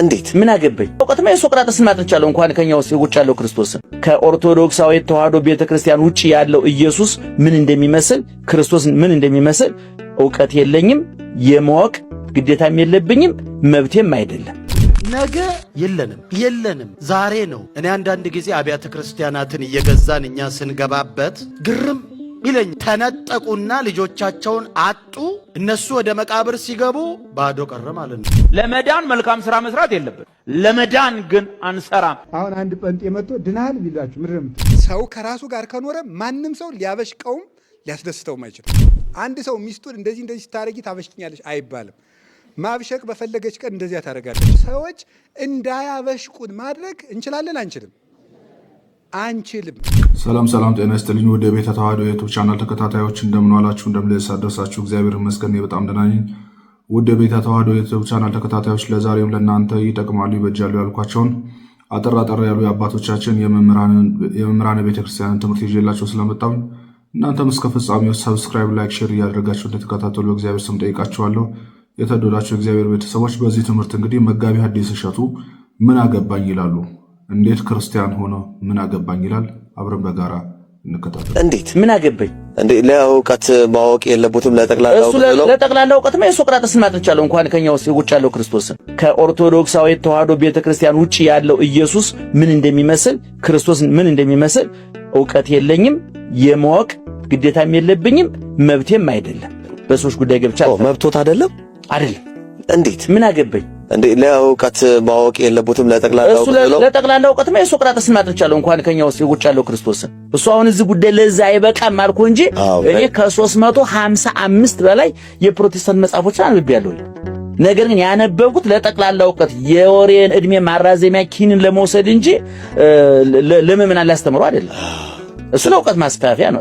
እንዴት ምን አገባኝ? እውቀትማ የሶቅራጥስን ማጥንቻለሁ እንኳን ከኛ ውጭ ያለው ክርስቶስን ከኦርቶዶክሳዊ ተዋህዶ ቤተክርስቲያን ውጭ ያለው ኢየሱስ ምን እንደሚመስል ክርስቶስ ምን እንደሚመስል እውቀት የለኝም። የማወቅ ግዴታም የለብኝም መብቴም አይደለም። ነገ የለንም የለንም፣ ዛሬ ነው። እኔ አንዳንድ ጊዜ አብያተ ክርስቲያናትን እየገዛን እኛ ስንገባበት ግርም ይለኝ ተነጠቁና ልጆቻቸውን አጡ። እነሱ ወደ መቃብር ሲገቡ ባዶ ቀረ ማለት ነው። ለመዳን መልካም ስራ መስራት የለብን። ለመዳን ግን አንሰራም። አሁን አንድ ጴንጤ መጥቶ ድናል ቢላችሁ ምድረም ሰው ከራሱ ጋር ከኖረ ማንም ሰው ሊያበሽቀውም ሊያስደስተውም አይችልም። አንድ ሰው ሚስቱን እንደዚህ እንደዚህ ስታረጊ ታበሽቅኛለች አይባልም። ማብሸቅ በፈለገች ቀን እንደዚያ ታደርጋለች። ሰዎች እንዳያበሽቁን ማድረግ እንችላለን አንችልም? አንችልም። ሰላም ሰላም፣ ጤና ይስጥልኝ ወደ ቤተ ተዋህዶ የዩቱብ ቻናል ተከታታዮች እንደምን ዋላችሁ፣ እንደምንለስ አደረሳችሁ። እግዚአብሔር ይመስገን በጣም ደህና ነኝ። ወደ ቤተ ተዋህዶ የዩቱብ ቻናል ተከታታዮች ለዛሬም ለእናንተ ይጠቅማሉ፣ ይበጃሉ ያልኳቸውን አጠር አጠር ያሉ የአባቶቻችን የመምህራን ቤተክርስቲያንን ትምህርት ይዤላቸው ስለመጣም እናንተም እስከ ፍጻሜው ሰብስክራይብ፣ ላይክ፣ ሼር እያደረጋቸው እንደተከታተሉ እግዚአብሔር ስም ጠይቃቸዋለሁ። የተወደዳቸው እግዚአብሔር ቤተሰቦች በዚህ ትምህርት እንግዲህ መጋቢ ሐዲስ እሸቱ ምን አገባኝ ይላሉ እንዴት ክርስቲያን ሆኖ ምን አገባኝ ይላል? አብረን በጋራ እንከታተል። እንዴት ምን አገባኝ? ለእውቀት ማወቅ የለቦትም ለጠቅላላ እውቀት ማ የሶቅራጥስን ማጥራት እንኳን ከኛ ውጭ ያለው ክርስቶስን ከኦርቶዶክሳዊ ተዋህዶ ቤተክርስቲያን ውጭ ያለው ኢየሱስ ምን እንደሚመስል ክርስቶስ ምን እንደሚመስል እውቀት የለኝም። የማወቅ ግዴታም የለብኝም መብቴም አይደለም። በሰዎች ጉዳይ ገብቻ መብቶት አይደለም አይደለም። እንዴት ምን አገባኝ እንዴ ለእውቀት ማወቅ የለበትም። ለጠቅላላ እውቀት ነው ለጠቅላላ እውቀት ነው የሶቅራጥስ ማጥቻለሁ እንኳን ከኛ ውስጥ ውጭ ያለው ክርስቶስ እሱ አሁን እዚህ ጉዳይ ለዛ አይበቃም አልኩ እንጂ እኔ ከ355 በላይ የፕሮቴስታንት መጽሐፎችን አንብቤያለሁ። ነገር ግን ያነበብኩት ለጠቅላላ እውቀት የወሬን እድሜ ማራዘሚያ ኪንን ለመውሰድ እንጂ ለምእመናን ሊያስተምሩ አይደለም። እሱ ለእውቀት ማስፋፊያ ነው።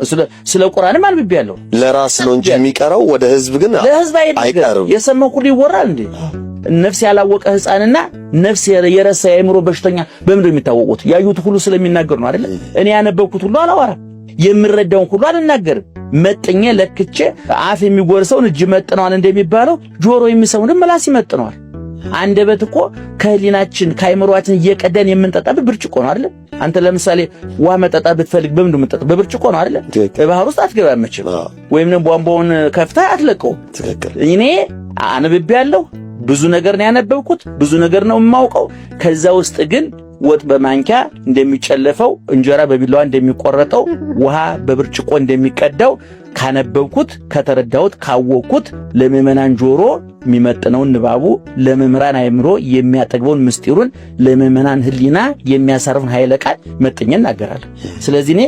ስለ ቁርአንም ያለው ለራስ ነው እንጂ የሚቀረው ወደ ህዝብ ግን ለህዝብ አይቀርም። የሰማው ሁሉ ይወራል እንዴ? ነፍስ ያላወቀ ህፃንና ነፍስ የረሳ የአእምሮ በሽተኛ በምንድን ነው የሚታወቁት? ያዩት ሁሉ ስለሚናገር ነው አይደለ? እኔ ያነበብኩት ሁሉ አላወራም፣ የምረዳውን ሁሉ አልናገርም። መጥኜ ለክቼ አፍ የሚጎርሰውን እጅ መጥነዋል እንደሚባለው ጆሮ የሚሰሙንም ምላስ ይመጥነዋል። አንደበት እኮ ከህሊናችን ከአይምሯችን እየቀዳን የምንጠጣ ብርጭቆ ነው አይደል? አንተ ለምሳሌ ውሃ መጠጣ ብትፈልግ በምንድን ነው በብርጭቆ ነው አይደል? ባህር ውስጥ አትገባ መቼም፣ ወይም ደግሞ ቧንቧውን ከፍተህ አትለቀውም። እኔ አንብቤ ያለሁ ብዙ ነገር ነው ያነበብኩት፣ ብዙ ነገር ነው የማውቀው። ከዛ ውስጥ ግን ወጥ በማንኪያ እንደሚጨለፈው፣ እንጀራ በቢላዋ እንደሚቆረጠው፣ ውሃ በብርጭቆ እንደሚቀዳው ካነበብኩት፣ ከተረዳሁት፣ ካወቅኩት ለምዕመናን ጆሮ የሚመጥነውን ንባቡ ለመምህራን አእምሮ የሚያጠግበውን ምስጢሩን ለምእመናን ሕሊና የሚያሳርፍን ኃይለ ቃል መጥኜ እናገራለሁ። ስለዚህ እኔ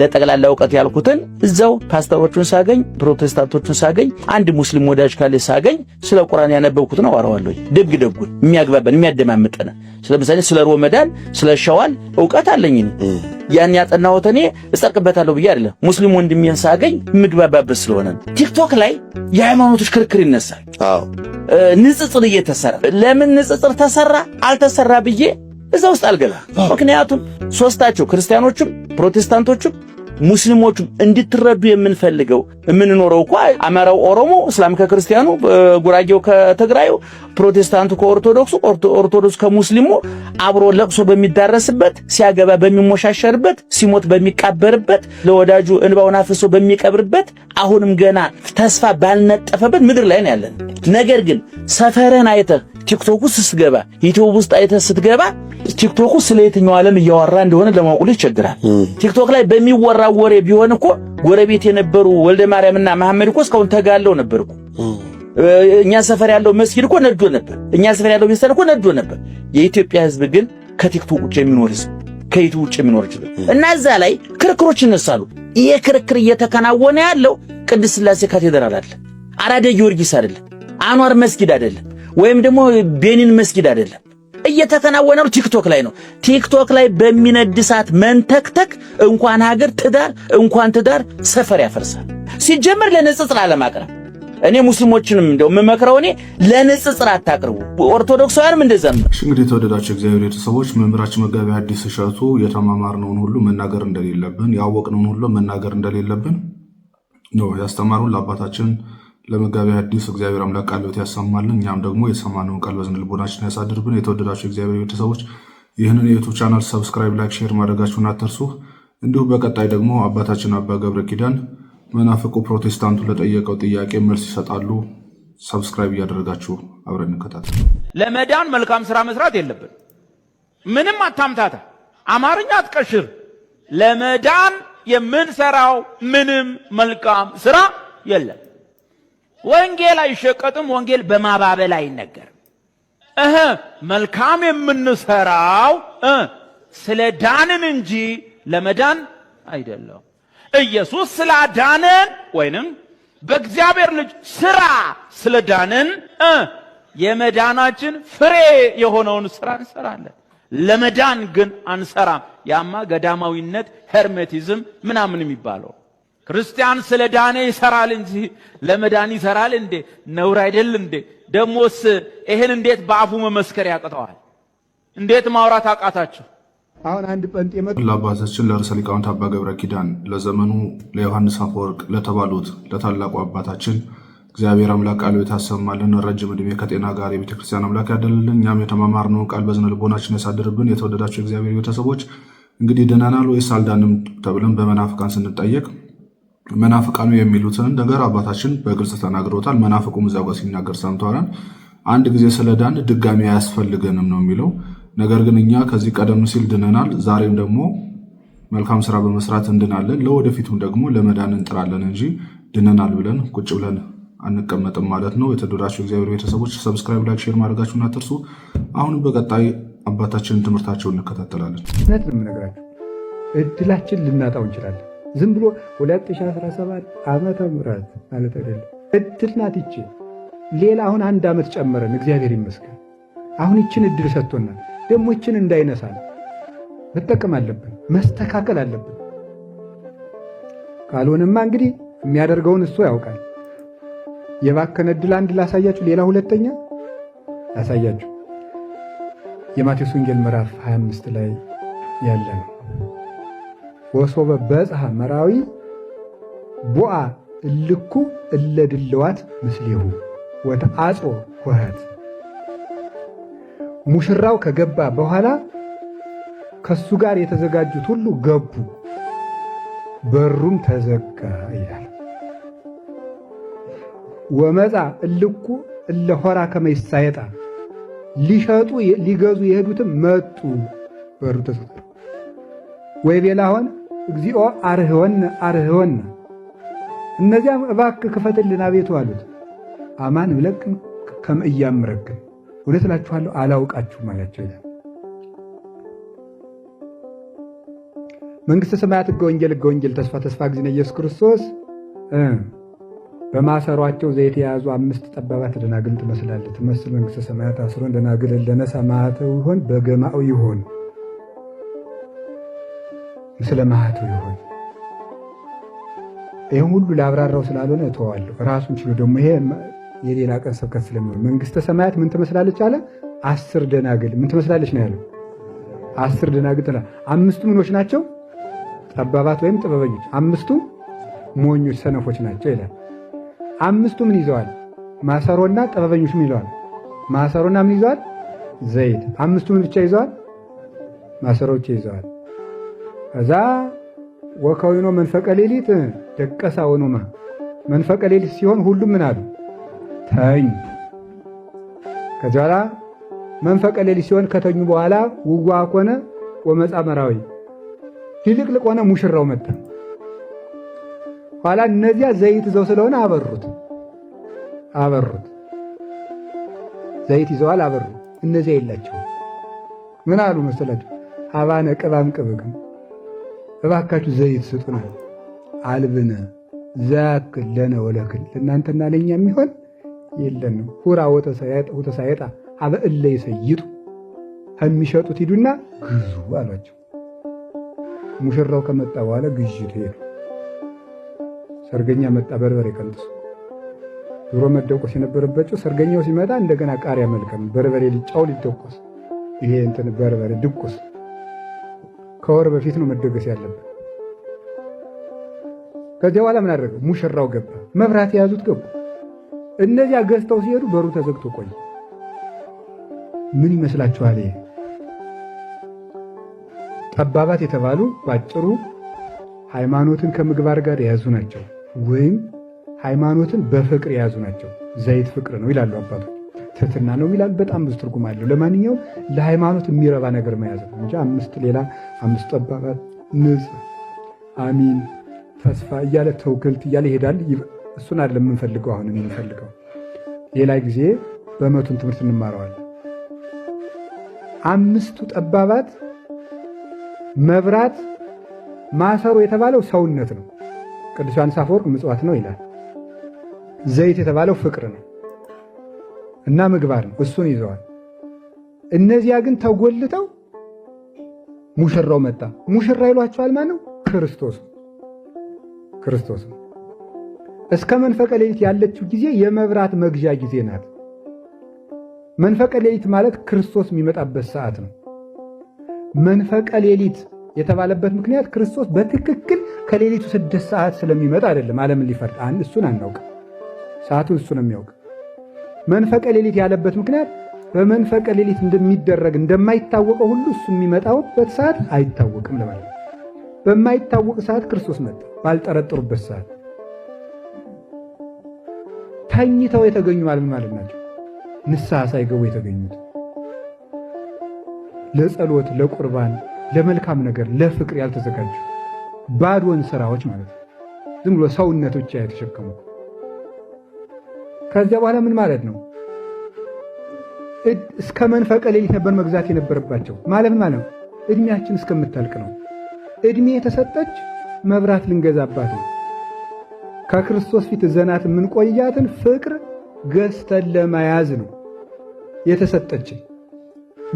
ለጠቅላላ እውቀት ያልኩትን እዛው ፓስተሮቹን ሳገኝ ፕሮቴስታንቶቹን ሳገኝ አንድ ሙስሊም ወዳጅ ካለ ሳገኝ ስለ ቁርአን ነው አወራዋለሁ። ደግ ደጉን የሚያግባበን የሚያደማምጠን። ስለምሳሌ ስለ ሮመዳን ስለ ሸዋል እውቀት አለኝ። ያን ያጠናሁት እኔ እጸድቅበታለሁ ብዬ አይደለም። ሙስሊም ወንድሜን ሳገኝ ምግባባበት ስለሆነ ቲክቶክ ላይ የሃይማኖቶች ክርክር ይነሳል። ንጽጽር እየተሰራ ለምን ንጽጽር ተሰራ አልተሰራ ብዬ እዛ ውስጥ አልገባ። ምክንያቱም ሶስታቸው ክርስቲያኖቹም ፕሮቴስታንቶቹም ሙስሊሞቹም እንድትረዱ የምንፈልገው የምንኖረው እኮ አማራው ኦሮሞ፣ እስላም ከክርስቲያኑ፣ ጉራጌው ከትግራዩ፣ ፕሮቴስታንቱ ከኦርቶዶክሱ፣ ኦርቶዶክስ ከሙስሊሙ አብሮ ለቅሶ በሚዳረስበት፣ ሲያገባ በሚሞሻሸርበት፣ ሲሞት በሚቃበርበት፣ ለወዳጁ እንባውን አፍሶ በሚቀብርበት፣ አሁንም ገና ተስፋ ባልነጠፈበት ምድር ላይ ነው ያለን። ነገር ግን ሰፈረን አይተህ ቲክቶክ ውስጥ ስትገባ ዩቲዩብ ውስጥ አይተህ ስትገባ ቲክቶክ ውስጥ ስለ የትኛው ዓለም እያወራ እንደሆነ ለማወቅ ይቸግራል። ቲክቶክ ላይ በሚወራ ወሬ ቢሆን እኮ ጎረቤት የነበሩ ወልደ ማርያምና መሐመድ እኮ እስካሁን ተጋለው ነበር እኮ እኛ ሰፈር ያለው መስጊድ እኮ ነዶ ነበር። እኛ ሰፈር ያለው ቤተሰብ እኮ ነዶ ነበር። የኢትዮጵያ ሕዝብ ግን ከቲክቶክ ውጭ የሚኖር ሕዝብ ከዩቲዩብ ውጭ የሚኖር ይችላል እና እዛ ላይ ክርክሮች ይነሳሉ። ይሄ ክርክር እየተከናወነ ያለው ቅድስት ስላሴ ካቴድራል አለ፣ አራዳ ጊዮርጊስ አይደለም፣ አኗር መስጊድ አይደለም። ወይም ደግሞ ቤኒን መስጊድ አይደለም እየተከናወነ ቲክቶክ ላይ ነው። ቲክቶክ ላይ በሚነድሳት መንተክተክ እንኳን ሀገር ትዳር እንኳን ትዳር ሰፈር ያፈርሳል። ሲጀመር ለንጽጽር አለማቅረብ እኔ ሙስሊሞችንም እንደው የምመክረው እኔ ለንጽጽር አታቅርቡ። ኦርቶዶክሳውያንም እንደዛም ነው። እንግዲህ የተወደዳቸው እግዚአብሔር ቤተሰቦች መምህራችን መጋቢ አዲስ እሸቱ የተማማርነውን ሁሉ መናገር እንደሌለብን ያወቅነውን ሁሉ መናገር እንደሌለብን ነው ያስተማሩን ለአባታችን ለመጋቢ አዲስ እግዚአብሔር አምላክ ቃልበት ያሰማልን። እኛም ደግሞ የሰማነውን ቃል በዝን ልቦናችን ያሳድርብን። የተወደዳቸው እግዚአብሔር ቤተሰቦች ይህንን የዩቱብ ቻናል ሰብስክራይብ፣ ላይክ፣ ሼር ማድረጋችሁን አትርሱ። እንዲሁም በቀጣይ ደግሞ አባታችን አባ ገብረ ኪዳን መናፍቁ ፕሮቴስታንቱ ለጠየቀው ጥያቄ መልስ ይሰጣሉ። ሰብስክራይብ እያደረጋችሁ አብረን እንከታተል። ለመዳን መልካም ስራ መስራት የለብን። ምንም አታምታታ፣ አማርኛ አትቀሽር። ለመዳን የምንሰራው ምንም መልካም ስራ የለም። ወንጌል አይሸቀጥም። ወንጌል በማባበል አይነገርም። እህ መልካም የምንሰራው ስለ ዳንን እንጂ ለመዳን አይደለም። ኢየሱስ ስላዳነን ወይንም በእግዚአብሔር ልጅ ስራ ዳንን የመዳናችን ፍሬ የሆነውን ስራ እንሰራለን። ለመዳን ግን አንሰራም። ያማ ገዳማዊነት ሄርሜቲዝም ምናምን የሚባለው ክርስቲያን ስለ ዳነ ይሰራል እንጂ ለመዳን ይሰራል እንዴ? ነውር አይደል እንዴ? ደሞስ ይሄን እንዴት በአፉ መመስከር ያቅተዋል? እንዴት ማውራት አቃታቸው? አሁን አንድ ጴንጤ መጥቶ ለአባታችን ለርዕሰ ሊቃውንት አባ ገብረ ኪዳን ለዘመኑ ለዮሐንስ አፈወርቅ ለተባሉት ለታላቁ አባታችን እግዚአብሔር አምላክ ቃሉ የታሰማልን ረጅም ዕድሜ ከጤና ጋር የቤተክርስቲያን አምላክ ያደልልን እኛም የተማማርነው ቃል በዝነ ልቦናችን ያሳድርብን። የተወደዳቸው እግዚአብሔር ቤተሰቦች እንግዲህ ድነናል ወይስ አልዳንም ተብለን በመናፍቃን ስንጠየቅ መናፍቃኑ የሚሉትን ነገር አባታችን በግልጽ ተናግረውታል። መናፍቁም እዛ ጋር ሲናገር ሰምተዋል። አንድ ጊዜ ስለዳን ድጋሚ አያስፈልገንም ነው የሚለው። ነገር ግን እኛ ከዚህ ቀደም ሲል ድነናል። ዛሬም ደግሞ መልካም ስራ በመስራት እንድናለን። ለወደፊቱም ደግሞ ለመዳን እንጥራለን እንጂ ድነናል ብለን ቁጭ ብለን አንቀመጥም ማለት ነው። የተወደዳችሁ እግዚአብሔር ቤተሰቦች ሰብስክራይብ፣ ላይክ፣ ሼር ማድረጋችሁን አትርሱ። አሁንም በቀጣይ አባታችንን ትምህርታቸውን እንከታተላለን። እውነት ነው የምነግራችሁ፣ እድላችን ልናጣው እንችላለን። ዝም ብሎ 2017 ዓመተ ምህረት ማለት አይደለም። እድል ናት ይቺ። ሌላ አሁን አንድ ዓመት ጨመረን፣ እግዚአብሔር ይመስገን። አሁን ይችን እድል ሰጥቶናል። ደግሞ ይችን እንዳይነሳል መጠቀም አለብን፣ መስተካከል አለብን። ካልሆነማ እንግዲህ የሚያደርገውን እሱ ያውቃል። የባከነ እድል አንድ ላሳያችሁ፣ ሌላ ሁለተኛ ላሳያችሁ። የማቴዎስ ወንጌል ምዕራፍ 25 ላይ ያለ ነው። ወሶበ በጽሐ መራዊ ቦአ እልኩ እለድለዋት ምስሌሁ አጾ ወህት ሙሽራው ከገባ በኋላ ከሱ ጋር የተዘጋጁት ሁሉ ገቡ፣ በሩም ተዘጋ ይላል። ወመፃ እልኩ እለሆራ ከመይሳየጣ ሊሸጡ ሊገዙ የሄዱትም መጡ፣ በሩ ተዘጋ። ወይ ቤላ እግዚኦ አርህወን አርህወን። እነዚያም እባክህ ክፈትልን አቤቱ አሉት። አማን እብለክም ከም እያምረክም እውነት እላችኋለሁ አላውቃችሁም አላቸው ይላል። መንግሥተ ሰማያት ሕገ ወንጌል ሕገ ወንጌል ተስፋ ተስፋ ጊዜነ ኢየሱስ ክርስቶስ በማሰሯቸው ዘይት የያዙ አምስት ጠባባት ደናግል ትመስላለች። ትመስል መንግሥተ ሰማያት አስሮን ደናግል ለነ ሰማዕተ ይሆን በገማው ይሆን ምስለ ማህቱ ይሆን ይህም ሁሉ ላብራራው ስላልሆነ እተዋለሁ። ራሱን ችሎ ደግሞ ይሄ የሌላ ቀን ስብከት ስለሚሆን መንግስተ ሰማያት ምን ትመስላለች አለ። አስር ደናግል ምን ትመስላለች ነው ያለው። አስር ደናግል ትላ አምስቱ ምኖች ናቸው ጠባባት ወይም ጥበበኞች፣ አምስቱ ሞኞች ሰነፎች ናቸው ይላል። አምስቱ ምን ይዘዋል? ማሰሮና ጥበበኞች ምን ይለዋል? ማሰሮና ምን ይዘዋል? ዘይት። አምስቱ ምን ብቻ ይዘዋል? ማሰሮ ብቻ ይዘዋል። ከዛ ወከዊኖ መንፈቀ ሌሊት ደቀሳ ወኖማ መንፈቀ ሌሊት ሲሆን ሁሉም ምን አሉ ተኝ። ከዚ በኋላ መንፈቀ ሌሊት ሲሆን ከተኙ በኋላ ውዋ ኮነ ወመፃ መራዊ ሊልቅልቅ ሆነ ሙሽራው መጣ። ኋላ እነዚያ ዘይት ይዘው ስለሆነ አበሩት አበሩት ዘይት ይዘዋል አበሩ። እነዚያ የላቸው ምን አሉ መሰላቸው? አባነ ቅባም ቅብግም እባካችሁ ዘይት ስጡነ አልብነ ዛክል ለነ ወለክል ለእናንተና ለእኛ የሚሆን የለን ሁራ ወተሳየጣ አበ እለ ይሰይጡ ከሚሸጡት ሂዱና ግዙ አሏቸው። ሙሽራው ከመጣ በኋላ ግዥ ትሄዱ። ሰርገኛ መጣ፣ በርበሬ ቀንጥሱ። ድሮ መደቆስ የነበረባቸው ሰርገኛው ሲመጣ እንደገና ቃሪያ መልቀም፣ በርበሬ ጫው ሊደቆስ፣ ይሄ እንትን በርበሬ ድቁስ ከወር በፊት ነው መደገስ ያለብን። ከዚያ በኋላ ምን አደረገ? ሙሽራው ገባ፣ መብራት የያዙት ገቡ። እነዚያ ገዝተው ሲሄዱ በሩ ተዘግቶ ቆይ። ምን ይመስላችኋል? ይሄ ጠባባት የተባሉ ባጭሩ ሃይማኖትን ከምግባር ጋር የያዙ ናቸው፣ ወይም ሃይማኖትን በፍቅር የያዙ ናቸው። ዘይት ፍቅር ነው ይላሉ አባቶች። ፍትና ነው ይላል። በጣም ብዙ ትርጉም አለው። ለማንኛውም ለሃይማኖት የሚረባ ነገር መያዝ ነው እንጂ አምስት ሌላ አምስት ጠባባት ንጽ አሚን፣ ተስፋ እያለ ተውክልት እያለ ይሄዳል። እሱን አይደለም የምንፈልገው። አሁን የምንፈልገው ሌላ ጊዜ በመቱን ትምህርት እንማረዋል። አምስቱ ጠባባት መብራት ማሰሮ የተባለው ሰውነት ነው። ቅዱስ ዮሐንስ አፈወርቅ ምጽዋት ነው ይላል። ዘይት የተባለው ፍቅር ነው። እና ምግባር ነው። እሱን ይዘዋል። እነዚያ ግን ተጎልተው ሙሽራው መጣ። ሙሽራ ይሏቸዋል። ነው? ክርስቶስ ክርስቶስ። እስከ መንፈቀ ሌሊት ያለችው ጊዜ የመብራት መግዣ ጊዜ ናት። መንፈቀ ሌሊት ማለት ክርስቶስ የሚመጣበት ሰዓት ነው። መንፈቀ ሌሊት የተባለበት ምክንያት ክርስቶስ በትክክል ከሌሊቱ ስድስት ሰዓት ስለሚመጣ አይደለም ዓለምን ሊፈርድ። አንድ እሱን አናውቅ፣ ሰዓቱን እሱ ነው የሚያውቅ። መንፈቀ ሌሊት ያለበት ምክንያት በመንፈቀ ሌሊት እንደሚደረግ እንደማይታወቀው ሁሉ እሱ የሚመጣውበት ሰዓት አይታወቅም ለማለት ነው። በማይታወቅ ሰዓት ክርስቶስ መጣ። ባልጠረጠሩበት ሰዓት ተኝተው የተገኙ አልምን ማለት ናቸው። ንስሐ ሳይገቡ የተገኙት ለጸሎት፣ ለቁርባን፣ ለመልካም ነገር፣ ለፍቅር ያልተዘጋጁ ባዶን ስራዎች ማለት ነው። ዝም ብሎ ሰውነት ብቻ የተሸከሙ ከዚያ በኋላ ምን ማለት ነው? እስከ መንፈቀ ሌሊት ነበር መግዛት የነበረባቸው። ማለት ማለት ነው እድሜያችን እስከምታልቅ ነው። እድሜ የተሰጠች መብራት ልንገዛባት ነው። ከክርስቶስ ፊት ዘናት የምንቆያትን ፍቅር ገዝተን ለመያዝ ነው የተሰጠችን።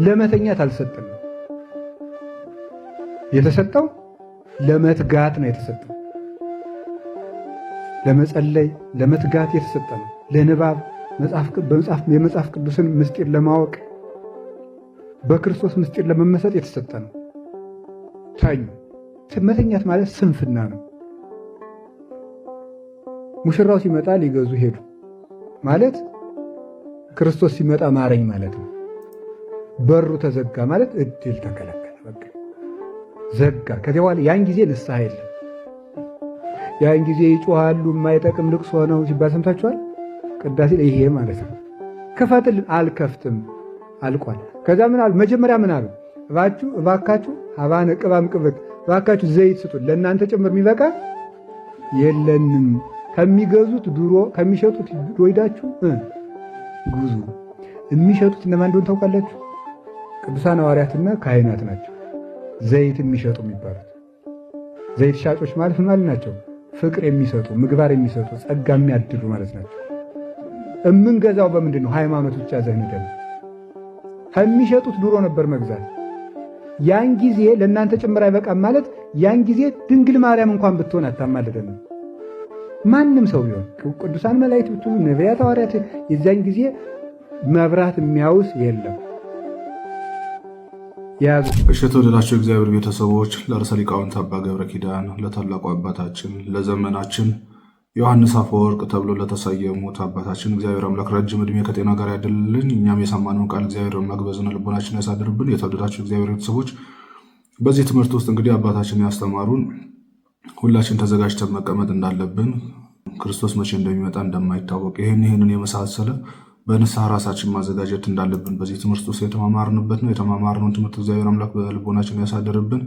ለመተኛት አልሰጠም። የተሰጠው ለመትጋት ነው የተሰጠው። ለመጸለይ ለመትጋት የተሰጠ ነው። ለንባብ የመጽሐፍ ቅዱስን ምስጢር ለማወቅ በክርስቶስ ምስጢር ለመመሰጥ የተሰጠ ነው። ተኙ። መተኛት ማለት ስንፍና ነው። ሙሽራው ሲመጣ ሊገዙ ሄዱ ማለት ክርስቶስ ሲመጣ ማረኝ ማለት ነው። በሩ ተዘጋ ማለት እድል ተከለከለ፣ ዘጋ። ከዚያ በኋላ ያን ጊዜ ንስሐ የለም። ያን ጊዜ ይጮሃሉ። የማይጠቅም ልቅሶ ነው ሲባል ሰምታችኋል። ቅዳሴ ላይ ይሄ ማለት ነው። ክፈትልን፣ አልከፍትም አልቋል። ከዛ ምን አሉ? መጀመሪያ ምን አሉ? እባችሁ እባካችሁ ሀባነ ቅባም ቅብቅ፣ እባካችሁ ዘይት ስጡን፣ ለእናንተ ጭምር የሚበቃ የለንም። ከሚገዙት ዱሮ ከሚሸጡት ዶይዳችሁ ጉዙ። የሚሸጡት እነማን እንደሆን ታውቃላችሁ? ቅዱሳን ሐዋርያትና ካህናት ናቸው። ዘይት የሚሸጡ የሚባሉት ዘይት ሻጮች ማለት ምን ማለት ናቸው? ፍቅር የሚሰጡ ምግባር የሚሰጡ ጸጋ የሚያድሉ ማለት ናቸው። እምንገዛው በምንድን ነው? ሃይማኖት ብቻ ዘህንደል ከሚሸጡት ድሮ ነበር መግዛት። ያን ጊዜ ለእናንተ ጭምር አይበቃም ማለት ያን ጊዜ ድንግል ማርያም እንኳን ብትሆን አታማልደንም። ማንም ሰው ቢሆን ቅዱሳን መላእክት ብትሉ ነቢያት፣ ሐዋርያት የዚያን ጊዜ መብራት የሚያውስ የለም ያዙ። እሺ የተወደዳቸው እግዚአብሔር ቤተሰቦች ለርዕሰ ሊቃውንት አባ ገብረ ኪዳን ለታላቁ አባታችን ለዘመናችን ዮሐንስ አፈወርቅ ተብሎ ለተሰየሙት አባታችን እግዚአብሔር አምላክ ረጅም እድሜ ከጤና ጋር ያደልልን። እኛም የሰማነውን ቃል እግዚአብሔር አምላክ በዝነ ልቦናችን ያሳድርብን። የተወደዳቸው እግዚአብሔር ቤተሰቦች በዚህ ትምህርት ውስጥ እንግዲህ አባታችን ያስተማሩን ሁላችን ተዘጋጅተን መቀመጥ እንዳለብን ክርስቶስ መቼ እንደሚመጣ እንደማይታወቅ ይህን ይህንን የመሳሰለ በንስሐ ራሳችን ማዘጋጀት እንዳለብን በዚህ ትምህርት ውስጥ የተማማርንበት ነው። የተማማርነውን ትምህርት እግዚአብሔር አምላክ በልቦናችን ያሳደርብን።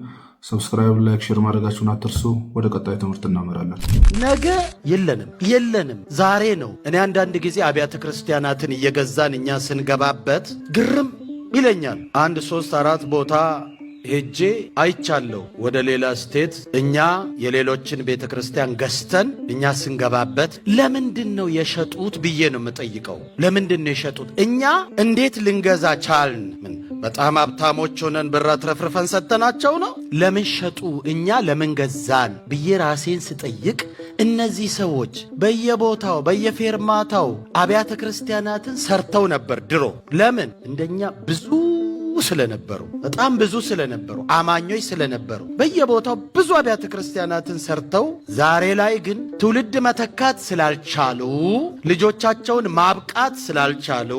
ሰብስክራይብ፣ ላይክ፣ ሼር ማድረጋችሁን አትርሱ። ወደ ቀጣይ ትምህርት እናመራለን። ነገ የለንም የለንም፣ ዛሬ ነው። እኔ አንዳንድ ጊዜ አብያተ ክርስቲያናትን እየገዛን እኛ ስንገባበት ግርም ይለኛል። አንድ ሶስት አራት ቦታ ሄጄ አይቻለሁ። ወደ ሌላ ስቴት እኛ የሌሎችን ቤተ ክርስቲያን ገዝተን እኛ ስንገባበት ለምንድን ነው የሸጡት ብዬ ነው የምጠይቀው። ለምንድን ነው የሸጡት? እኛ እንዴት ልንገዛ ቻልን? ምን በጣም ሀብታሞች ሆነን ብር አትረፍርፈን ሰጥተናቸው ነው? ለምን ሸጡ? እኛ ለምን ገዛን ብዬ ራሴን ስጠይቅ እነዚህ ሰዎች በየቦታው በየፌርማታው አብያተ ክርስቲያናትን ሰርተው ነበር ድሮ። ለምን እንደኛ ብዙ ስለነበሩ በጣም ብዙ ስለነበሩ አማኞች ስለነበሩ በየቦታው ብዙ አብያተ ክርስቲያናትን ሰርተው ዛሬ ላይ ግን ትውልድ መተካት ስላልቻሉ ልጆቻቸውን ማብቃት ስላልቻሉ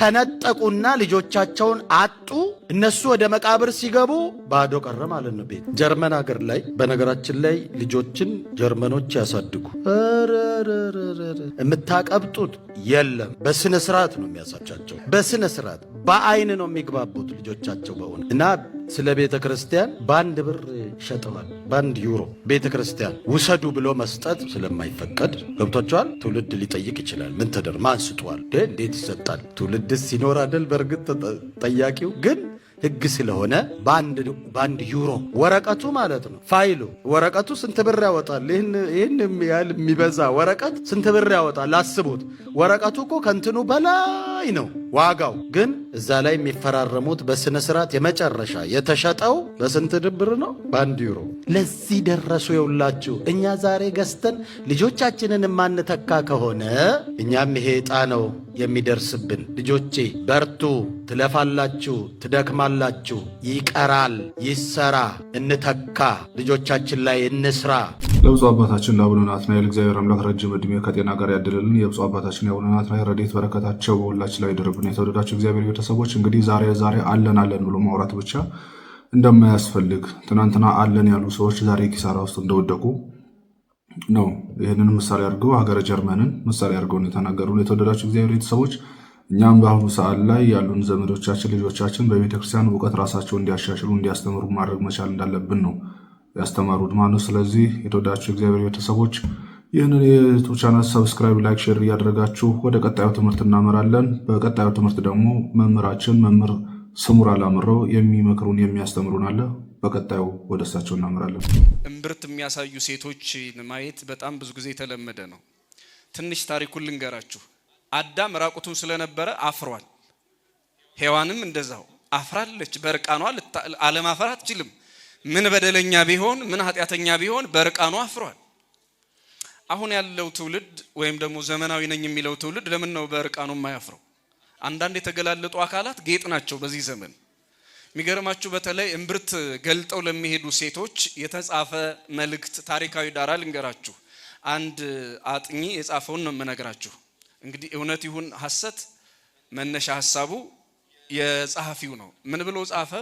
ተነጠቁና ልጆቻቸውን አጡ። እነሱ ወደ መቃብር ሲገቡ ባዶ ቀረ ማለት ነው ቤት። ጀርመን ሀገር ላይ በነገራችን ላይ ልጆችን ጀርመኖች ያሳድጉ። የምታቀብጡት የለም። በስነ ስርዓት ነው የሚያሳቻቸው፣ በስነ ስርዓት በአይን ነው የሚግባቡት ልጆቻቸው በሆነ እና ስለ ቤተ ክርስቲያን በአንድ ብር ሸጠዋል፣ በአንድ ዩሮ ቤተ ክርስቲያን ውሰዱ ብሎ መስጠት ስለማይፈቀድ ገብቷቸዋል። ትውልድ ሊጠይቅ ይችላል። ምን ተደር ማን ስጧል? እንዴት ይሰጣል? ትውልድስ ሲኖር አደል በእርግጥ ጠያቂው ግን ህግ ስለሆነ በአንድ ዩሮ ወረቀቱ ማለት ነው ፋይሉ ወረቀቱ ስንት ብር ያወጣል? ይህን ያህል የሚበዛ ወረቀት ስንት ብር ያወጣል? አስቡት። ወረቀቱ እኮ ከንትኑ በላይ ነው ዋጋው ግን እዛ ላይ የሚፈራረሙት በስነ ስርዓት የመጨረሻ የተሸጠው በስንት ድብር ነው? በአንድ ዩሮ። ለዚህ ደረሱ። የውላችሁ እኛ ዛሬ ገዝተን ልጆቻችንን የማንተካ ከሆነ እኛም ይሄ ዕጣ ነው የሚደርስብን። ልጆቼ በርቱ፣ ትለፋላችሁ፣ ትደክማላችሁ፣ ይቀራል፣ ይሰራ፣ እንተካ፣ ልጆቻችን ላይ እንስራ። ለብፁ አባታችን ለአቡነ ናትናኤል እግዚአብሔር አምላክ ረጅም እድሜ ከጤና ጋር ያድልልን። የብፁ አባታችን የአቡነ ናትናኤል ረድኤት በረከታቸው በሁላችን ላይ ይደርብን። የተወደዳቸው እግዚአብሔር ቤተሰቦች እንግዲህ ዛሬ ዛሬ አለን አለን ብሎ ማውራት ብቻ እንደማያስፈልግ ትናንትና አለን ያሉ ሰዎች ዛሬ ኪሳራ ውስጥ እንደወደቁ ነው። ይህንን ምሳሌ አድርገው ሀገረ ጀርመንን ምሳሌ አድርገው የተናገሩን። የተወደዳቸው እግዚአብሔር ቤተሰቦች እኛም በአሁኑ ሰዓት ላይ ያሉን ዘመዶቻችን ልጆቻችን በቤተክርስቲያን እውቀት ራሳቸው እንዲያሻሽሉ እንዲያስተምሩ ማድረግ መቻል እንዳለብን ነው ያስተማሩት ማለት። ስለዚህ የተወዳችሁ እግዚአብሔር ቤተሰቦች ይህንን የዩቱብ ቻናል ሰብስክራይብ፣ ላይክ፣ ሼር እያደረጋችሁ ወደ ቀጣዩ ትምህርት እናመራለን። በቀጣዩ ትምህርት ደግሞ መምህራችን መምህር ስሙር አላምረው የሚመክሩን የሚያስተምሩን አለ። በቀጣዩ ወደ እሳቸው እናመራለን። እምብርት የሚያሳዩ ሴቶች ማየት በጣም ብዙ ጊዜ የተለመደ ነው። ትንሽ ታሪኩን ልንገራችሁ። አዳም ራቁቱን ስለነበረ አፍሯል። ሔዋንም እንደዛው አፍራለች። በርቃኗ አለማፈር አትችልም። ምን በደለኛ ቢሆን ምን ኃጢአተኛ ቢሆን በርቃኑ አፍሯል። አሁን ያለው ትውልድ ወይም ደግሞ ዘመናዊ ነኝ የሚለው ትውልድ ለምን ነው በርቃኑ የማያፍረው? አንዳንድ የተገላለጡ አካላት ጌጥ ናቸው በዚህ ዘመን። የሚገርማችሁ በተለይ እምብርት ገልጠው ለሚሄዱ ሴቶች የተጻፈ መልእክት ታሪካዊ ዳራ ልንገራችሁ። አንድ አጥኚ የጻፈውን ነው የምነግራችሁ። እንግዲህ እውነት ይሁን ሀሰት መነሻ ሀሳቡ የጸሐፊው ነው። ምን ብሎ ጻፈ?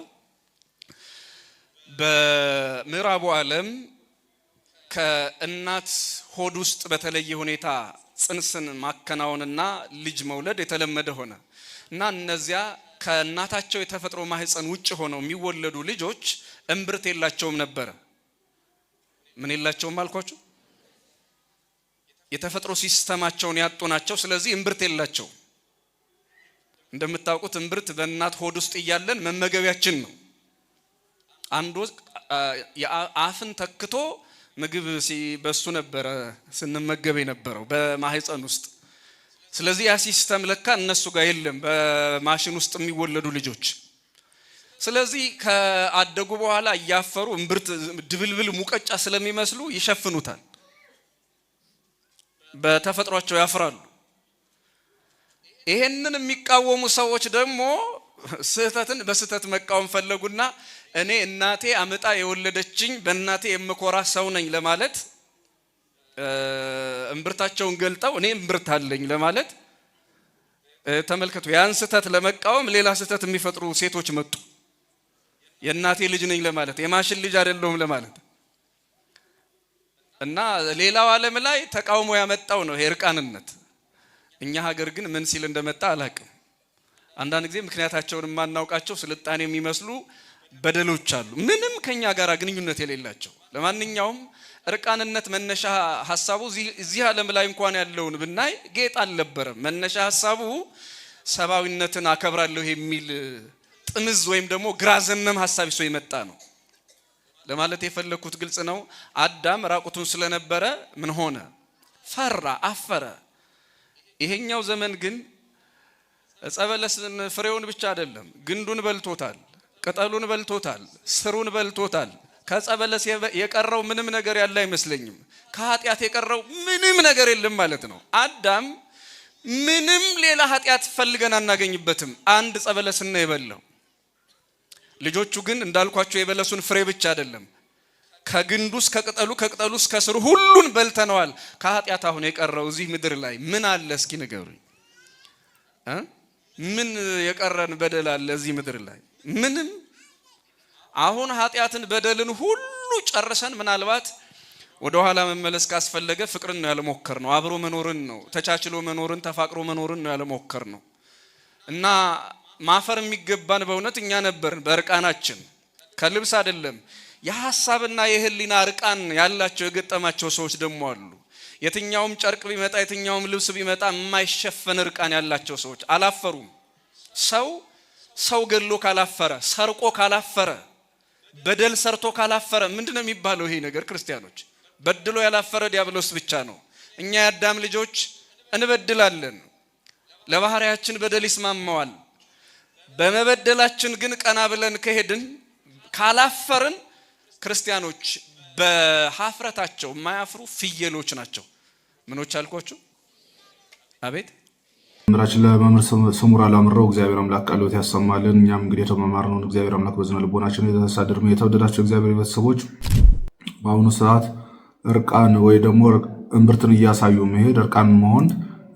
በምዕራቡ ዓለም ከእናት ሆድ ውስጥ በተለየ ሁኔታ ጽንስን ማከናወንና ልጅ መውለድ የተለመደ ሆነ እና እነዚያ ከእናታቸው የተፈጥሮ ማህፀን ውጭ ሆነው የሚወለዱ ልጆች እምብርት የላቸውም ነበረ። ምን የላቸውም አልኳቸው? የተፈጥሮ ሲስተማቸውን ያጡ ናቸው። ስለዚህ እምብርት የላቸው። እንደምታውቁት እምብርት በእናት ሆድ ውስጥ እያለን መመገቢያችን ነው። አንዱ አፍን ተክቶ ምግብ በሱ ነበረ ስንመገብ የነበረው በማህፀን ውስጥ። ስለዚህ ያ ሲስተም ለካ እነሱ ጋር የለም፣ በማሽን ውስጥ የሚወለዱ ልጆች። ስለዚህ ከአደጉ በኋላ እያፈሩ እምብርት፣ ድብልብል፣ ሙቀጫ ስለሚመስሉ ይሸፍኑታል። በተፈጥሯቸው ያፍራሉ። ይሄንን የሚቃወሙ ሰዎች ደግሞ ስህተትን በስህተት መቃወም ፈለጉና እኔ እናቴ አምጣ የወለደችኝ በእናቴ የምኮራ ሰው ነኝ ለማለት እምብርታቸውን ገልጠው እኔ እምብርት አለኝ ለማለት ተመልከቱ። ያን ስህተት ለመቃወም ሌላ ስህተት የሚፈጥሩ ሴቶች መጡ። የእናቴ ልጅ ነኝ ለማለት የማሽን ልጅ አይደለሁም ለማለት እና ሌላው ዓለም ላይ ተቃውሞ ያመጣው ነው የእርቃንነት እኛ ሀገር ግን ምን ሲል እንደመጣ አላቅም። አንዳንድ ጊዜ ምክንያታቸውን የማናውቃቸው ስልጣኔ የሚመስሉ በደሎች አሉ፣ ምንም ከኛ ጋር ግንኙነት የሌላቸው። ለማንኛውም እርቃንነት መነሻ ሀሳቡ እዚህ ዓለም ላይ እንኳን ያለውን ብናይ ጌጥ አልነበረም። መነሻ ሀሳቡ ሰብአዊነትን አከብራለሁ የሚል ጥምዝ ወይም ደግሞ ግራ ዘመም ሀሳብ ይዞ የመጣ ነው። ለማለት የፈለግኩት ግልጽ ነው። አዳም ራቁቱን ስለነበረ ምን ሆነ? ፈራ፣ አፈረ። ይሄኛው ዘመን ግን ዕፀ ፍሬውን ብቻ አይደለም ግንዱን በልቶታል። ቅጠሉን በልቶታል፣ ስሩን በልቶታል። ከጸበለስ የቀረው ምንም ነገር ያለ አይመስለኝም። ከኃጢአት የቀረው ምንም ነገር የለም ማለት ነው። አዳም ምንም ሌላ ኃጢአት ፈልገን አናገኝበትም። አንድ ጸበለስና የበላው ልጆቹ ግን እንዳልኳቸው የበለሱን ፍሬ ብቻ አይደለም ከግንዱ እስከ ቅጠሉ ከቅጠሉ እስከ ስሩ ሁሉን በልተነዋል። ከኃጢአት አሁን የቀረው እዚህ ምድር ላይ ምን አለ? እስኪ ንገሩኝ። ምን የቀረን በደል አለ እዚህ ምድር ላይ? ምንም አሁን ኃጢአትን በደልን ሁሉ ጨርሰን ምናልባት ወደ ኋላ መመለስ ካስፈለገ ፍቅርን ነው ያለሞከር ነው። አብሮ መኖርን ነው፣ ተቻችሎ መኖርን፣ ተፋቅሮ መኖርን ነው ያለሞከር ነው እና ማፈር የሚገባን በእውነት እኛ ነበርን በእርቃናችን ከልብስ አይደለም። የሀሳብና የህሊና እርቃን ያላቸው የገጠማቸው ሰዎች ደግሞ አሉ። የትኛውም ጨርቅ ቢመጣ የትኛውም ልብስ ቢመጣ የማይሸፈን እርቃን ያላቸው ሰዎች አላፈሩም። ሰው ሰው ገሎ ካላፈረ፣ ሰርቆ ካላፈረ፣ በደል ሰርቶ ካላፈረ ምንድን ነው የሚባለው? ይሄ ነገር ክርስቲያኖች፣ በድሎ ያላፈረ ዲያብሎስ ብቻ ነው። እኛ የአዳም ልጆች እንበድላለን። ለባህሪያችን በደል ይስማማዋል። በመበደላችን ግን ቀና ብለን ከሄድን ካላፈርን፣ ክርስቲያኖች በሀፍረታቸው የማያፍሩ ፍየሎች ናቸው። ምኖች አልኳችሁ? አቤት ምራችን ለመምህር ስሙር አላምረው እግዚአብሔር አምላክ ቃሎት ያሰማልን። እኛም እንግዲህ የተመማርነውን እግዚአብሔር አምላክ በዝነ ልቦናችን የተሳድር የተወደዳቸው እግዚአብሔር ቤተሰቦች በአሁኑ ሰዓት እርቃን ወይ ደግሞ እምብርትን እያሳዩ መሄድ እርቃን መሆን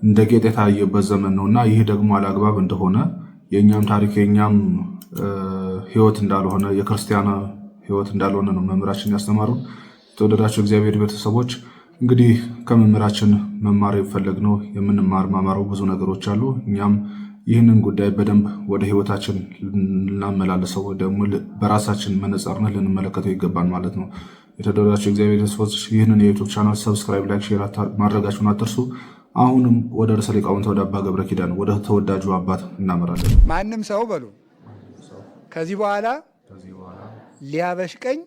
እንደ ጌጥ የታየበት ዘመን ነው እና ይህ ደግሞ አላግባብ እንደሆነ የእኛም ታሪክ የእኛም ህይወት እንዳልሆነ የክርስቲያን ህይወት እንዳልሆነ ነው መምህራችን ያስተማሩን። የተወደዳቸው እግዚአብሔር ቤተሰቦች እንግዲህ ከመምህራችን መማር ነው የምንማር ማማረው ብዙ ነገሮች አሉ። እኛም ይህንን ጉዳይ በደንብ ወደ ህይወታችን ልናመላለሰው ደግሞ በራሳችን መነጽርነት ልንመለከተው ይገባል ማለት ነው። የተደራቸው እግዚአብሔር ስፖርት ይህንን የዩቱብ ቻናል ሰብስክራይብ፣ ላይክ፣ ሼር ማድረጋችሁን አትርሱ። አሁንም ወደ ርዕሰ ሊቃውንት ወደ አባ ገብረ ኪዳን ወደ ተወዳጁ አባት እናመራለን። ማንም ሰው በሉ ከዚህ በኋላ ሊያበሽቀኝ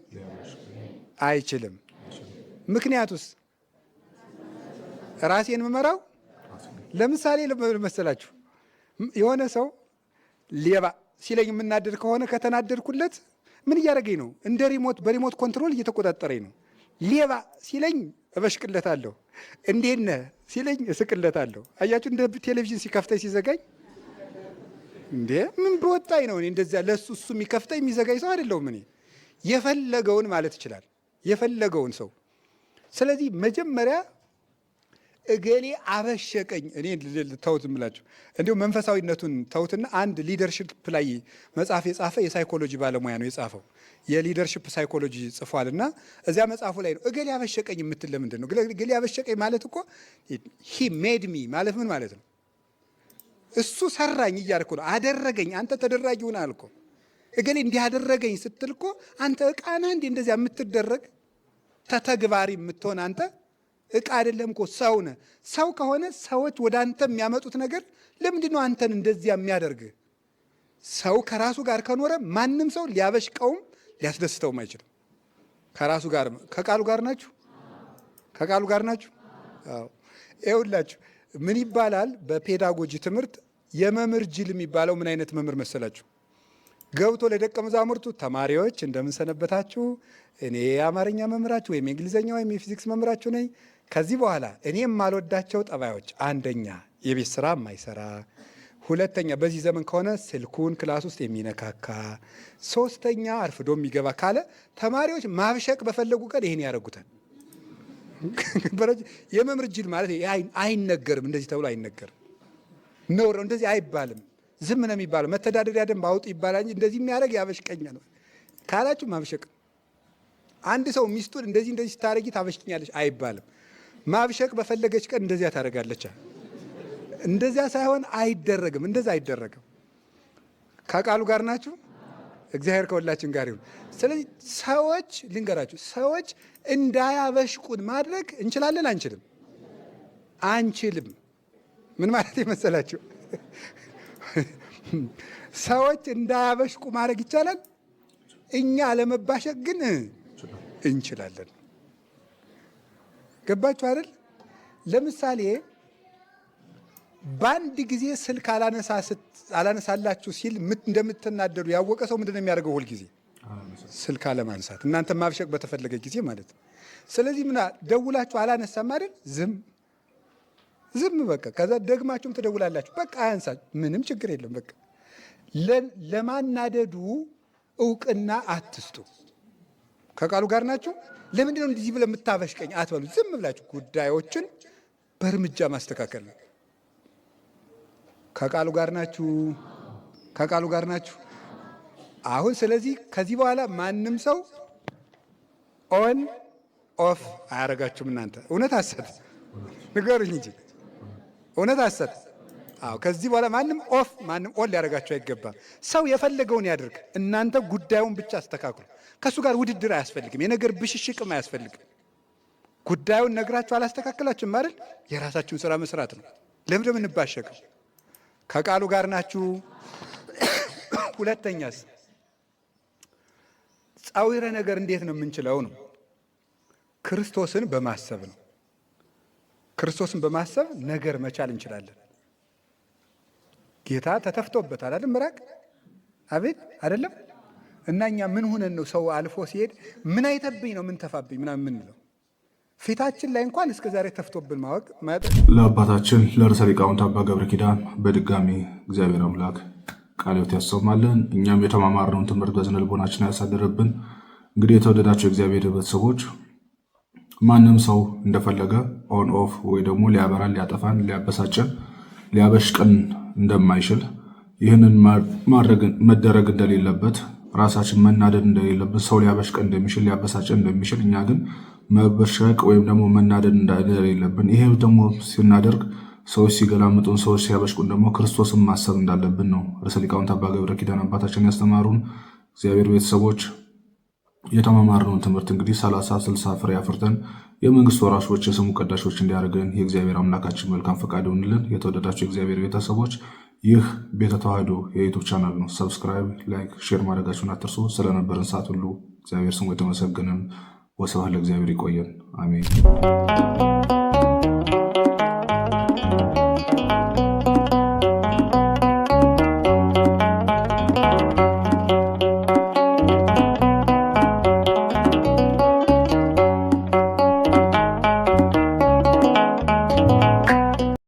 አይችልም። ምክንያቱስ ራሴን የምመራው። ለምሳሌ መሰላችሁ የሆነ ሰው ሌባ ሲለኝ የምናደድ ከሆነ ከተናደድኩለት ምን እያደረገኝ ነው? እንደ ሪሞት በሪሞት ኮንትሮል እየተቆጣጠረኝ ነው። ሌባ ሲለኝ እበሽቅለታለሁ። እንዴት እንዴነ ሲለኝ እስቅለታለሁ። አያችሁ፣ እንደ ቴሌቪዥን ሲከፍተኝ ሲዘጋኝ እንዴ ምን በወጣኝ ነው እኔ እንደዚያ ለሱ እሱ የሚከፍተኝ የሚዘጋኝ ሰው አይደለሁም። እኔ የፈለገውን ማለት ይችላል የፈለገውን ሰው። ስለዚህ መጀመሪያ እገሌ አበሸቀኝ። እኔ ተውት ምላቸው እንዲሁ መንፈሳዊነቱን ተውትና አንድ ሊደርሽፕ ላይ መጽሐፍ የጻፈ የሳይኮሎጂ ባለሙያ ነው የጻፈው። የሊደርሽፕ ሳይኮሎጂ ጽፏል እና እዚያ መጽሐፉ ላይ ነው እገሌ አበሸቀኝ የምትል ለምንድን ነው? እገሌ አበሸቀኝ ማለት እኮ ሂ ሜድ ሚ ማለት ምን ማለት ነው? እሱ ሰራኝ እያልኩ ነው። አደረገኝ አንተ ተደራጊውን አልኮ እገሌ እንዲያደረገኝ አደረገኝ ስትል እኮ አንተ እቃና እንዲህ እንደዚያ የምትደረግ ተተግባሪ የምትሆን አንተ እቃ አይደለም እኮ ሰው ነ ሰው ከሆነ ሰዎች ወደ አንተ የሚያመጡት ነገር ለምንድን ነው አንተን እንደዚያ የሚያደርግ? ሰው ከራሱ ጋር ከኖረ ማንም ሰው ሊያበሽቀውም ሊያስደስተውም አይችልም። ከራሱ ጋር ከቃሉ ጋር ናችሁ፣ ከቃሉ ጋር ናችሁ። ይኸውላችሁ ምን ይባላል በፔዳጎጂ ትምህርት የመምህር ጅል የሚባለው ምን አይነት መምህር መሰላችሁ? ገብቶ ለደቀ መዛሙርቱ ተማሪዎች እንደምንሰነበታችሁ፣ እኔ የአማርኛ መምህራችሁ ወይም የእንግሊዝኛ ወይም የፊዚክስ መምህራችሁ ነኝ ከዚህ በኋላ እኔ የማልወዳቸው ጠባዮች አንደኛ የቤት ስራ የማይሰራ ሁለተኛ በዚህ ዘመን ከሆነ ስልኩን ክላስ ውስጥ የሚነካካ ሶስተኛ አርፍዶ የሚገባ ካለ ተማሪዎች ማብሸቅ በፈለጉ ቀን ይሄን ያደረጉታል የመምህር ጅል ማለት አይነገርም እንደዚህ ተብሎ አይነገርም ነውር እንደዚህ አይባልም ዝም ነው የሚባለው መተዳደሪያ ደንብ አውጡ ይባላል እንጂ እንደዚህ የሚያደርግ ያበሽቀኛ ነው ካላችሁ ማብሸቅ አንድ ሰው ሚስቱን እንደዚህ እንደዚህ ስታደርጊ ታበሽቅኛለች አይባልም ማብሸቅ በፈለገች ቀን እንደዚያ ታደርጋለች። እንደዚያ ሳይሆን አይደረግም፣ እንደዚያ አይደረግም። ከቃሉ ጋር ናችሁ። እግዚአብሔር ከሁላችን ጋር ይሁን። ስለዚህ ሰዎች ልንገራችሁ፣ ሰዎች እንዳያበሽቁን ማድረግ እንችላለን? አንችልም? አንችልም። ምን ማለት የመሰላችሁ ሰዎች እንዳያበሽቁ ማድረግ ይቻላል። እኛ ለመባሸቅ ግን እንችላለን። ገባችሁ አይደል? ለምሳሌ በአንድ ጊዜ ስልክ አላነሳላችሁ ሲል እንደምትናደዱ ያወቀ ሰው ምንድነው ነው የሚያደርገው? ሁልጊዜ ስልክ አለማንሳት፣ እናንተ ማብሸቅ በተፈለገ ጊዜ ማለት ነው። ስለዚህ ምና ደውላችሁ አላነሳም አይደል? ዝም ዝም በቃ። ከዛ ደግማችሁም ትደውላላችሁ፣ በቃ አያንሳ፣ ምንም ችግር የለም በቃ። ለማናደዱ እውቅና አትስጡ። ከቃሉ ጋር ናችሁ። ለምንድን ነው እንደዚህ ብለህ የምታበሽቀኝ አትበሉ። ዝም ብላችሁ ጉዳዮችን በእርምጃ ማስተካከል ነው። ከቃሉ ጋር ናችሁ፣ ከቃሉ ጋር ናችሁ። አሁን ስለዚህ ከዚህ በኋላ ማንም ሰው ኦን ኦፍ አያደርጋችሁም። እናንተ እውነት አሰት ንገሩኝ እንጂ እውነት አሰት አዎ ከዚህ በኋላ ማንም ኦፍ ማንም ኦን ሊያደርጋቸው አይገባም። ሰው የፈለገውን ያድርግ። እናንተ ጉዳዩን ብቻ አስተካክሉ። ከእሱ ጋር ውድድር አያስፈልግም። የነገር ብሽሽቅም አያስፈልግም። ጉዳዩን ነግራችሁ አላስተካከላችሁም አይደል? የራሳችሁን ስራ መስራት ነው። ለምን የምንባሸቀው? ከቃሉ ጋር ናችሁ። ሁለተኛስ ጻዊረ ነገር እንዴት ነው የምንችለው? ነው ክርስቶስን በማሰብ ነው። ክርስቶስን በማሰብ ነገር መቻል እንችላለን። ጌታ ተተፍቶበታል አይደል? ምራቅ አቤት አይደለም። እና እኛ ምን ሆነን ነው ሰው አልፎ ሲሄድ ምን አይተብኝ ነው ምን ተፋብኝ ምናምን ምንለው? ፊታችን ላይ እንኳን እስከ ዛሬ ተፍቶብን ማወቅ ለአባታችን ለርዕሰ ሊቃውንት አባ ገብረ ኪዳን በድጋሚ እግዚአብሔር አምላክ ቃልዮት ያሰማልን። እኛም የተማማርነውን ትምህርት በዝነ ልቦናችን ያሳደረብን። እንግዲህ የተወደዳቸው እግዚአብሔር ቤተሰቦች ማንም ሰው እንደፈለገ ኦን ኦፍ ወይ ደግሞ ሊያበራን፣ ሊያጠፋን፣ ሊያበሳጭን፣ ሊያበሽቅን እንደማይችል ይህንን ማድረግ መደረግ እንደሌለበት ራሳችን መናደድ እንደሌለበት ሰው ሊያበሽቀ እንደሚችል ሊያበሳጭ እንደሚችል እኛ ግን መበሸቅ ወይም ደግሞ መናደድ እንደሌለብን ይሄ ደግሞ ስናደርግ ሰዎች ሲገላምጡን ሰዎች ሲያበሽቁን ደግሞ ክርስቶስን ማሰብ እንዳለብን ነው ርዕሰ ሊቃውንት አባ ገብረ ኪዳን አባታችን ያስተማሩን። እግዚአብሔር ቤተሰቦች የተማማርነውን ትምህርት እንግዲህ ሰላሳ ስልሳ ፍሬ አፍርተን የመንግስት ወራሾች የስሙ ቀዳሾች እንዲያደርገን የእግዚአብሔር አምላካችን መልካም ፈቃድ ይሆንልን። የተወደዳቸው የእግዚአብሔር ቤተሰቦች ይህ ቤተ ተዋህዶ የዩቱብ ቻናል ነው። ሰብስክራይብ፣ ላይክ፣ ሼር ማድረጋችሁን አትርሱ። ስለነበረን ሰዓት ሁሉ እግዚአብሔር ስሙ የተመሰገነን። ወስብሐት ለእግዚአብሔር። ይቆየን። አሜን